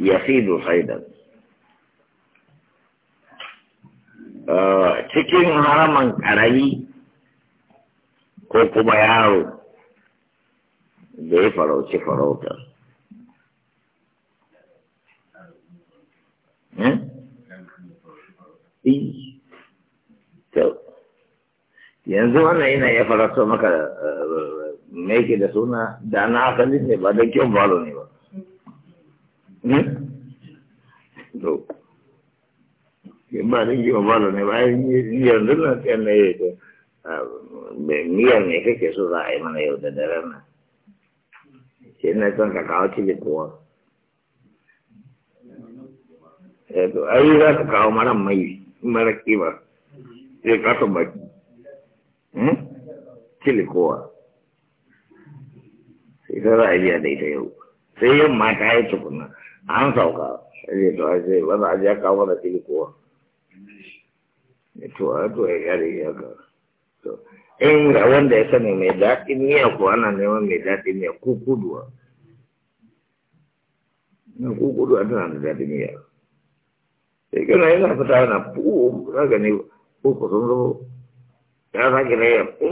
يصيد صيدا ah, cikin haraman ƙarami ko kuma yaro da ya farauci farauta. Hmm? Eh. yanzu wannan yana ya farauta maka ah, Meke da suna da na asali ne ba da kyau balo ne ba Eh? to ba da yi wa bala ne bayan yanzu na tsayan na yi to miyar ne kake so za a yi mana yau da daren nan shi na son ka kawo cikin kowa eh, to ai za ka kawo mara mai mara kima sai ka san baki hmm? cikin kowa sai ta za a biya da ita yau sai yin mata ya tukuna an sauka sai to a ce ba za a da aka mana to a to ya yare ya ka to in ga wanda ya sani mai daɗin miya ko ana neman mai daɗin miya ko kuduwa na ko kuduwa tana da daɗin miya sai kana yana fita yana fu za ka ne ko ku sun zama ya sake na ya fu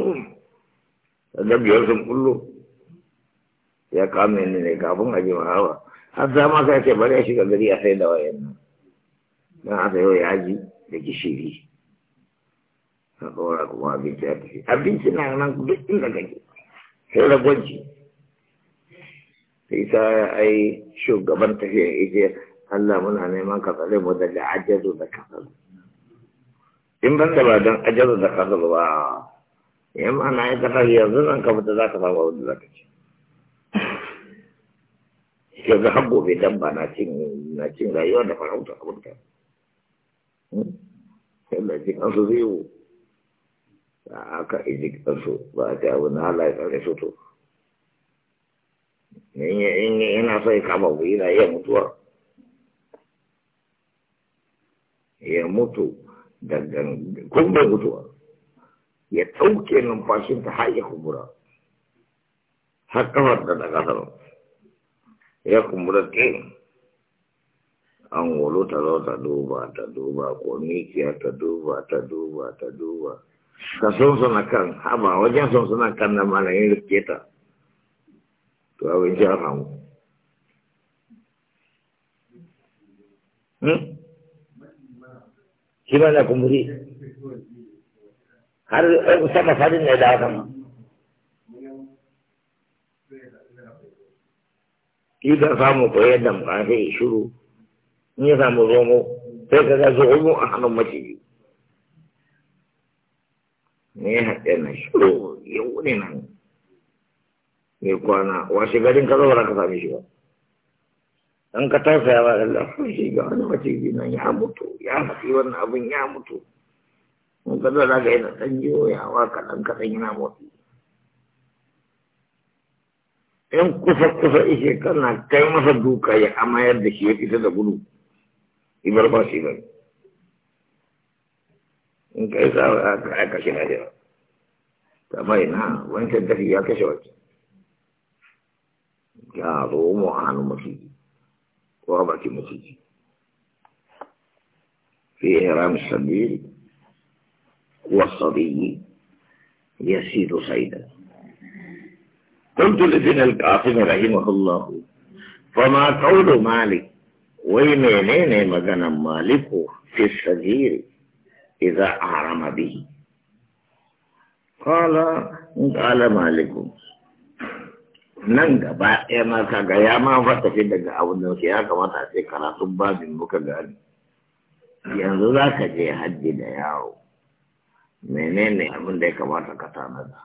da biyar sun kullo ya kame ni ne kafin a ji hawa har dama ka ce bari a shiga gari a sai da wayan nan don a sayo yaji da gishiri a ɗora kuma abinci a tafi abinci na nan duk inda kake sai da gwaji sai sa ai shugaban tafiya ije Allah muna neman ka tsare mu daga ajazu da kasal in ban da ba don ajazu da kasal ba yan ma na yi kasar yanzu nan ka fita za ka samu wanda za ka ci yanzu har gobe dabba na cin na cin rayuwa da farauta abinta hmm? yadda cin an su zai yiwu a aka iji kansu ba a ta wani halaye tsare su to in yana so ya kama ku yana iya mutuwa ya mutu da kun bai mutuwa ya ɗauke numfashinta har ya kubura har kafar da daga sarau ya kumbura ke an wolo ta zo ta duba ta duba ko mikiya ta duba ta duba ta duba ka suna kan haba wajen suna kan na mana rike ta to abin hmm? na har eh, saka sadin ne da haka ma idan samu ko yadda mu kan sai shiru in ya samu zomo sai ka ga zomo a hannun maciji ne ya haɗe na shiru ya wuni nan mai kwana washe garin ka zaura ka sami shi ba an ka tausaya ba Allah shi ga wani maciji nan ya mutu ya haɗi wannan abin ya mutu mun ka zaura ga yana ɗan jiyo yawa kaɗan kaɗan yana motsi in kusa kusa ishe kana kai masa duka ya amayar da shi ya fita da gudu ibar ba shi ba in kai sa a kashe na jira ta mai na wancan dafi ya kashe wancan ya zo mu a hannun maciji ko a bakin maciji fi ihram sabil wasabi yasidu saidan قلت لابن القاسم رحمه الله فما قول مالك ويمينين مغنى مالك في الشهير إذا أعرم به قال قال مالك ننگ با انا سا گیا ما وقت کی دگا او نو کیا کما تا سی کرا صبح دن بک گال یان زو دا کجے حج دے یاو میں نے نے ہم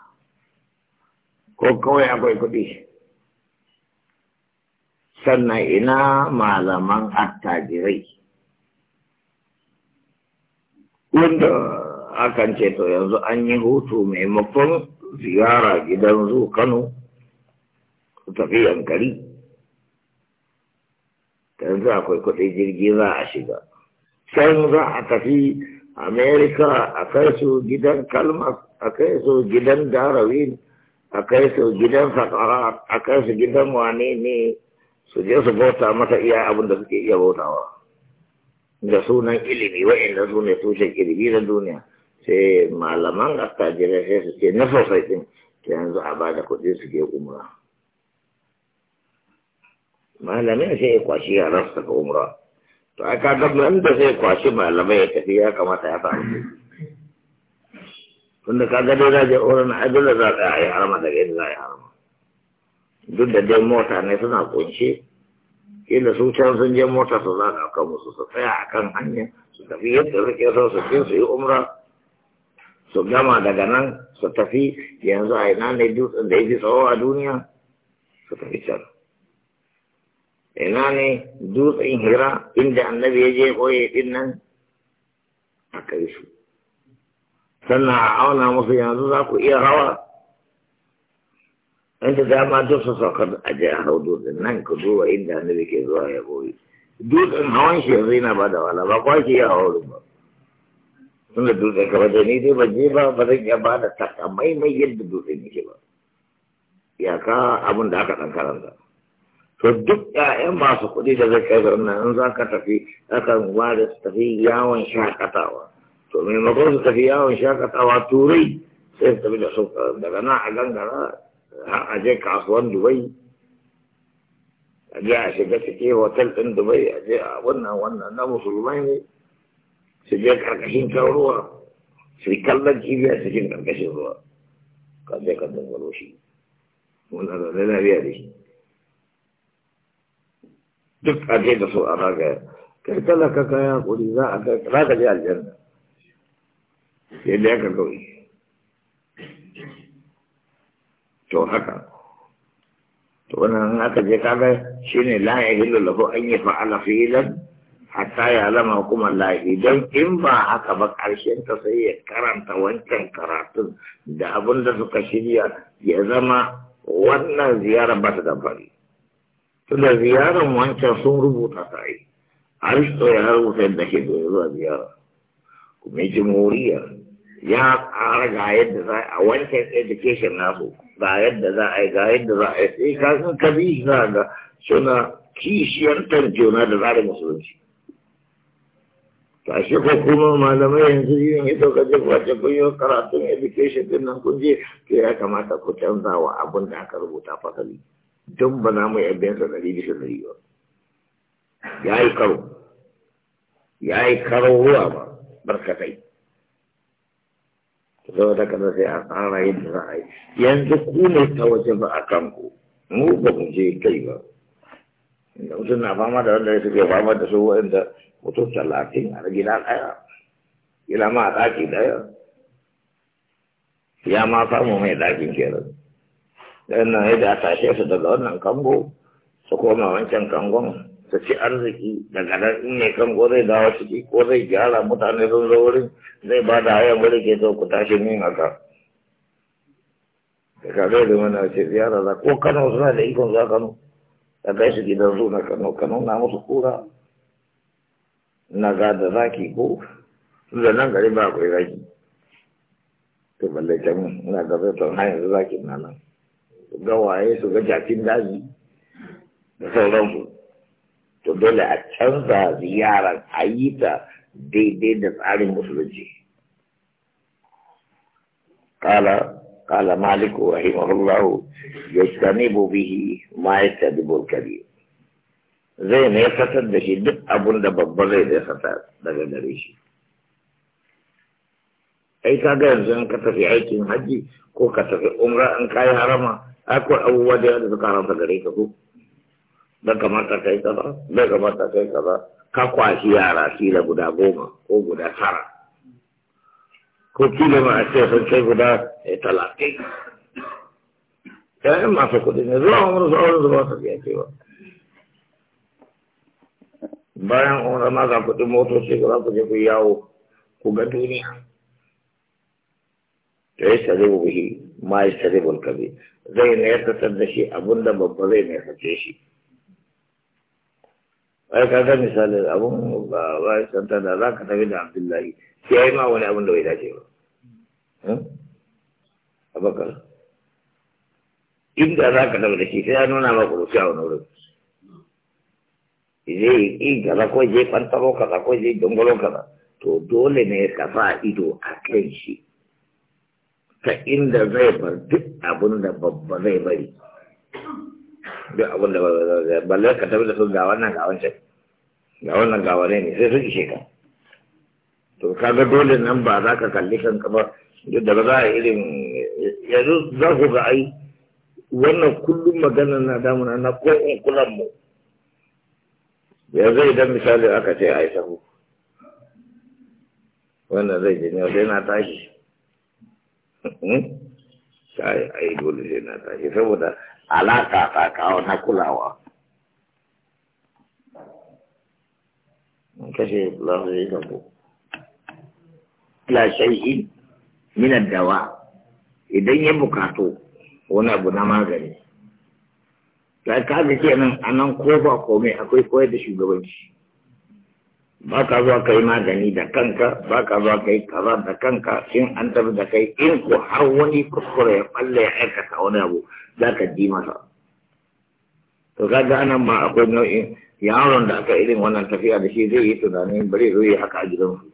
ko kawai akwai kuɗi sannan ina malaman attajirai wanda akan ce to yanzu an yi hutu maimakon ziyara gidan zu kano tafi yankari yanzu akwai kuɗi jirgi za a shiga can za a tafi amerika a kai su gidan Kalmar a kai su gidan darawin a kai su gidan sakara a kai su gidan wane ne su je su bauta masa iya abin da suke iya bautawa da sunan ilimi wa'inda su ne tushen ilimi na duniya sai malaman attajirai sai su ce na sosai din yanzu a ba da kuɗi su je umra malamin sai ya kwashi yaransa ga umra to aka ga da zai kwashi malamai ya tafi ya kamata ya samu tunda ka ga dai za je oran ai dole za ka yi harama daga yadda za a yi harama duk da dai mota ne suna kunshe kila su can sun je mota su za ka kan musu su tsaya a kan hanya su tafi yadda suke son su ce su yi umra su gama daga nan su tafi yanzu a ina ne dutsen da ya fi tsawo a duniya su tafi can ina ne dutsen hira inda annabi ya je koye din nan a kai su sannan a auna musu yanzu za ku iya rawa inda dama duk su saukar aje a hau dutsen nan ka duba inda da ke zuwa ya boye dutsen hawan shi yanzu yana ba da wala ba kwa shi ya hauru ba sun da dutsen ka bada ni dai ba je ba ba zan iya ba da takamaimai yadda dutsen yake ba Ya ka abin da aka ɗan karanta to duk ƴaƴan masu kuɗi da zai kai ga in za ka tafi akan ware su tafi yawon shakatawa من المفروض تفياه ان شاك اتواتوري سيف تبي لحصوك دبنا حقان دبا اجيك عصوان دبي اجي عشقاتي كي هو تل ان دبي اجي اونا اونا نمو سلماني سجيك عركشين كاوروا سجي كلمان كي بيا سجين عركشين روا قد بيك عندن ولوشي ونا لنا بيا ديش دك اجي دسو اراك كيف تلك كيا قولي ذا اجيك راك جي الجنة sai da ya gaggauyi to haka to wannan aka je kaga shine la ya hillu lahu an yi fa'ala fi'lan hatta ya lama kuma la idan in ba haka ba karshen ta sai ya karanta wancan karatun da abin da suka shirya ya zama wannan ziyarar ba ta da tunda ziyarar wancan sun rubuta ta yi aristo ya rubuta da ke zuwa ziyara kuma jimhuriyar ya tsara ga yadda za a wancan education nasu ga yadda za a yi ga yadda za a yi sai eh, ka ka bi za ga suna kishiyantar juna da tsarin musulunci tashi ko kuma malamai yanzu yin ita kaje je kwace kun yi karatun education din nan kun je to ya kamata ku canza wa abin da aka rubuta fasali don ba za mu yi abin sa ɗari bisa ɗari ba ya yi karo ya yi karo ruwa ba barkatai zo da sai a tsara yadda za a yi yanzu ku ne ta waje ba a kanku mu ba mu je kai ba da mutum na fama da wanda suke fama da su wa'anda mutum talatin a gida ɗaya gida ma a ɗaki ɗaya ya ma samu mai ɗakin kenan dan nan yadda a tashe su daga wannan kango su koma wancan kangon ta ci arziki daga nan in ne kan ko zai dawo ciki ko zai gyara mutane sun zo wurin zai ba da hayan wuri ke zo ku tashi min haka da ka zai zama na ce ziyara za ko kano suna da ikon za kano da kai su gidan su na kano kano na musu kura na ga da zaki ko da nan gari ba akwai zaki to balle can na ga zai tsauna hanyar zaki na nan su ga waye su ga jakin daji da sauransu تدل التنزة زيارة حيثة دي دي دفع المسلجي قال قال مالك رحمه الله يجتنب به ما يجتنب الكبير زي ما يفتد بشي دق أبون دب بغي دي خطات دقا أي كا زين كتا في عيك حجي كو في عمره أنكاي حرمه أكل أول ودي هذا تقارن تقريكه bai kamata kai kaza bai kamata kai kaza ka kwashi yara kila guda goma ko guda tara ko kila ma a ce sun kai guda eh, talatin ƴaƴan masu kuɗi ne zuwa wani su auren zuwa su biya cewa bayan umar ma za kuɗin motoci ku za ku je ku yawo ku ga duniya to ya sare bihi ma ya sare bulkabi zai na ya tattar da shi abinda babba zai mai sace shi ai kaga misali abun ba ba santa da za ka tafi da abdullahi sai ya yi ma wani abun da bai dace ba hmm? abakar inda za ka tafi da shi sai ya nuna ma kurufi a wani wurin zai yi kaza ko je kwantaro kaza ko je dongolo kaza to dole ne ka sa ido a kan shi ta inda zai bar duk abun da babba zai bari duk abin da balle ka tafi da su ga wannan ga wancan ga wannan ga wane ne sai su ishe ka to kaga dole nan ba za ka kalli kanka ba duk da ba za a irin yanzu za ku ga ai wannan kullum magana na damuna na ko in kulan mu yanzu idan misali aka ce ai sahu wannan zai je ne sai na tashi kai hmm? ai dole sai na tashi saboda alaka ta na kulawa kashe lafi da ku la dawa idan ya bukato wani abu na magani ta kaga kenan anan ko ba komai akwai koyar da shugabanci ba ka zuwa kai magani da kanka ba ka zuwa kai kaza da kanka in an tafi da kai in ko har wani kuskure ya balle ya aikata wani abu za ka ji masa to ga anan ma akwai nau'in yaron da aka irin wannan tafiya da shi zai yi tunanin bari zai yi haka a gidansu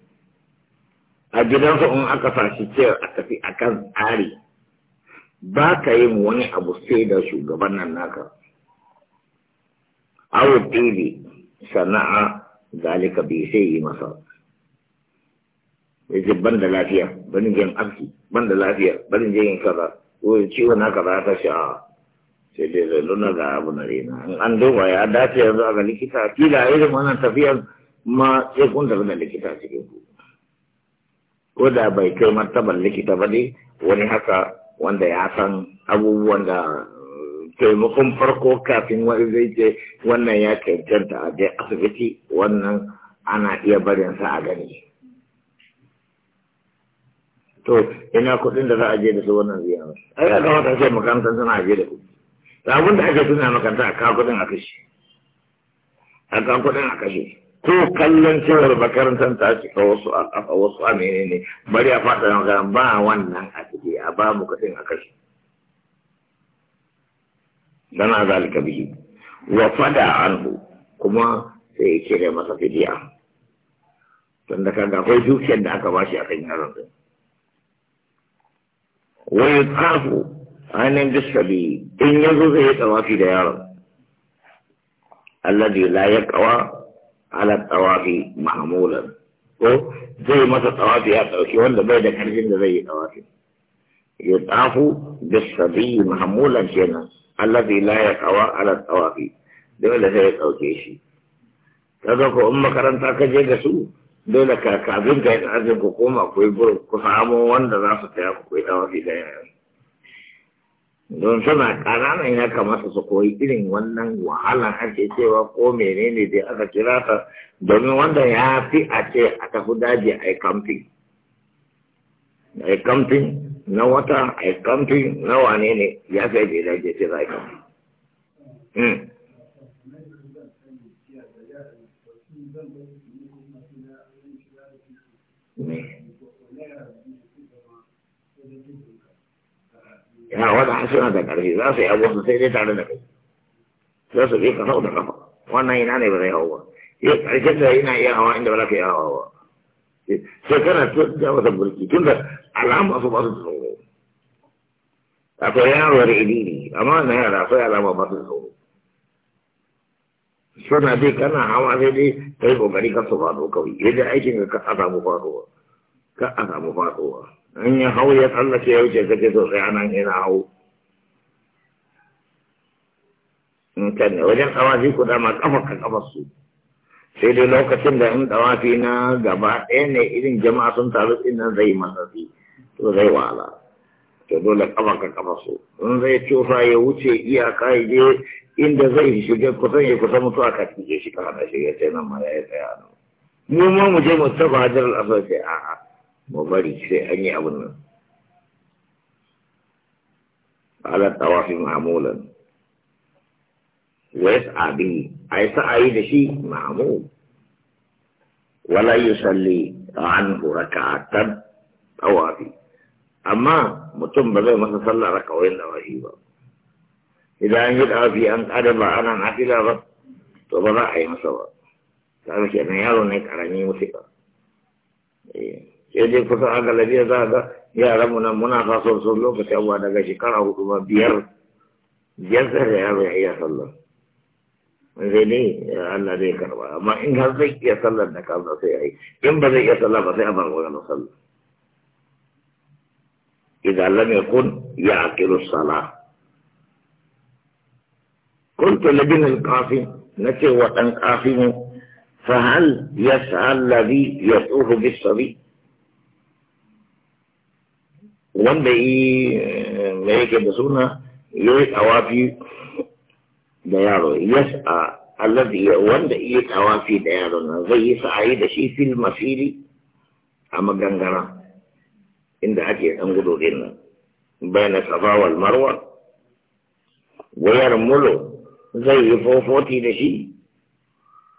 a gidansu in aka fashi ce a tafi akan tsari ba ka yin wani abu sai da shugaban nan naka awo tv sana'a zalika bai sai yi masa ya ce ban da lafiya ban jin aski ban da lafiya ban jin kaza wai ciwon haka za ta sha sai dai zai luna ga abu na rena an duba ya dace yanzu a ga likita kila irin wannan tafiyar ma sai kun tafi da likita cikin ku ko da bai kai martaban likita ba ne? wani haka wanda ya san abubuwan da eh, taimakon farko kafin wani zai ce wannan ya cancanta a asibiti wannan ana iya barinsa a gani to ina kuɗin da za a je da su wannan ziyara ai aka wata ce makarantar suna je da kuɗi da abin da ake tuna makaranta a kawo kuɗin a kashe a kawo kuɗin a kashe ko kallon cewar makarantar ta a wasu a kafa wasu a menene bari a fata makarantar ba wannan a ciki a ba mu kudin a kashe dana zalika bihi wa fada anhu kuma sai ya da masa fidiya tunda kaga akwai dukiyar da aka bashi akan yaron sai. wai kafu ainihin bisabi in ya zo zai yi tsawafi da yaron alladhi la kawa ala tawafi mahamular ko zai masa tawafi ya tsawafi wanda bai da karfin da zai yi tawafi tsafu bisabi mahamular kenan alladhi la kawa ala tawafi dole sai ya dauke shi ta zaka in makaranta ka je da su dole ka kafin ka yi tsarin ku koma ku yi buru ku samu wanda za su taya ku kuyi dawa fi ɗaya don suna ƙananan ya kamata su koyi irin wannan wahalan ake cewa ko menene dai aka kira ta domin wanda ya fi a ce a tafi daji a yi kamfin a yi kamfin na wata a yi kamfin na wane ne ya fi bai daji ce za a yi Hmm. ya wata suna da ƙarfi za su yi abuwa sai dai tare da kai za su bi ka sau da kafa wannan ina ne ba zai hau ba yau ƙarshen da ina iya hawa inda ba za ka yi hawa ba sai kana ta masa burki tun da alama su ba su tsoro akwai yaro da ilimi amma na yara sai alama ba su tsoro suna bi kana hawa sai dai kai kokari ka su faɗo kawai yadda aikin ka a samu faɗowa ka a samu faɗowa in ya hau ya tsallake ya wuce kace to sai anan ina hau in kan ne wajen tsawafi ku dama kafa ka kafa su sai dai lokacin da in tsawafi na gaba ɗaya ne irin jama'a sun taru ina zai matsatsi to zai wahala to dole kafa ka kafa su in zai cufa ya wuce iyaka ya je inda zai shiga kusan ya kusa mutu aka cije shi ka hada shi ya ce nan ma ya yi tsaya nan mu ma mu je mu tafa hajar al'asar sai a'a mu bari sai an yi abin nan ala tawafi ma'amulan wa yas'a bihi ay sa'ayi da shi ma'amul wala yusalli anhu raka'atan tawafi amma mutum ba zai masa sallah raka'o'in da wahi ba idan an yi ɗafi an ƙada ba ana nafila ba to ba za a yi masa ba ta ga kenan yaro ne karami musika eh, sai dai kusa a galabiya za a ga yaran mu nan muna faso sun lokaci abuwa daga shekara hudu ba biyar biyar sai da yaro ya iya sallar sai dai Allah zai karba amma in har zai iya sallar da kansa sai ya yi in ba zai iya sallar ba sai a bar wani sallar idan lam yakun ya aqilu salah قلت لابن القاسم التي هو القاسم فهل يسعى الذي يطوف بالصبي وان بي ميك بسونا يويت اوافي ديارو يسعى الذي وان بي يويت اوافي ديارو زي سعيد شي في المسيري اما غنغرا ان ده اكي انغدو بين الصفا والمروه ويرملو زي فوفوتي دشي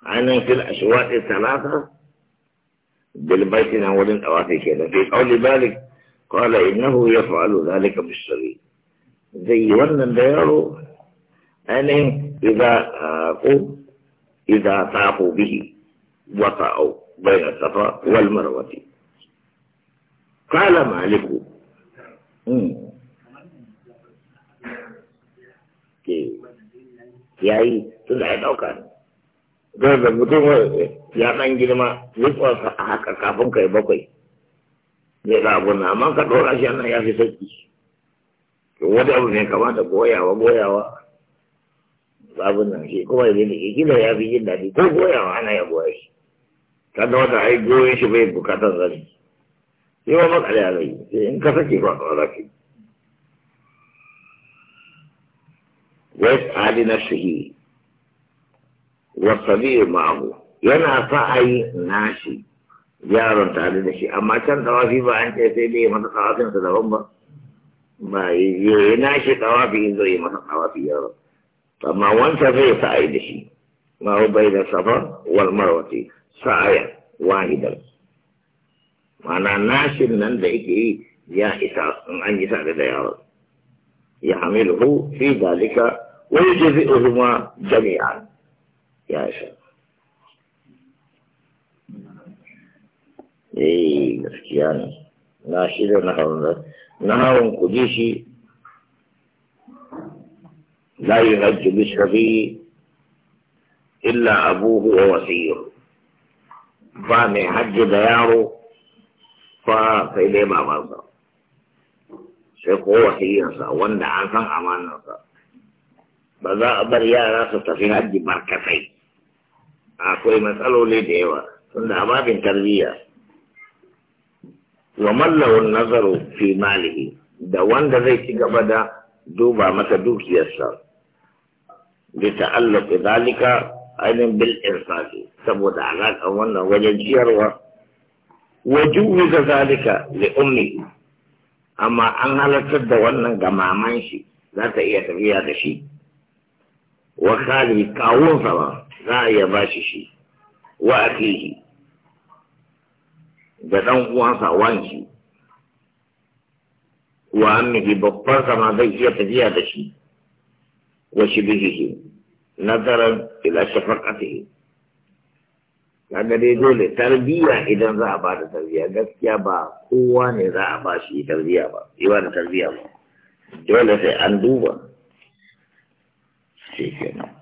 أنا في الأشواط الثلاثة بالبيت نعود الأوافي كده في قول بالك قال إنه يفعل ذلك بالشريط زي ونن ديارو أنا إذا قوا إذا طافوا به وطأوا بين الصفا والمروة قال مالك ya yi tunda ya ɗauka ne zai da mutum ya ɗan girma rufarsa a haka kafin kai bakwai zai da abu na amma ka ɗora shi nan ya fi sauƙi to wani abu ne kamata goyawa goyawa babu nan shi kuma ya zai ya fi jin daɗi ko goyawa ana ya goya shi da wata ai goyon shi bai bukatar zari wa ya in ka sake ba ويسعى لنفسه والصديق معه يانا صاعي ناشي يارا تعالى نشي اما كان طوافي با انت يسي لي ما تطوافي انت دهما ما يناشي طوافي انتو ايه ما تطوافي يارا فما وانت في صاعي نشي ما هو بين الصفا والمروة صاعي واحدا وانا ناشي من ذلك يا إساس عن إساس يا يحمله في ذلك ويجزئهما جميعا يا شيخ اي مسكيان ناشر نحو نحو لا يهج بشربي الا ابوه ووسيه فان حج دياره فإليه ما مرضى شيخ هو وسيه وان دعان فان امانه ba za a bar yara su tafi hajji barkatai akwai matsaloli da yawa tunda amabin tarbiyya wa mallawun nazaru fi malihi da wanda zai ci gaba da duba masa dukiyarsa bi ta'alluq zalika ainihin bil insafi saboda alaƙar wannan wajen ciyarwa wa ga zalika da ummi amma an halartar da wannan ga maman shi za ta iya tafiya da shi wa kali kawunsa ba za a iya ba shi shi? wa akihi da ɗan uwansa wanki wa ammihi babban sama zai iya tafiya da shi wa shibihihi nazaran ila shafaqatihi kaga dai dole tarbiyya idan za a ba da tarbiyya gaskiya ba kowa ne za a ba shi tarbiyya ba yi ba da tarbiyya ba dole sai an duba you know.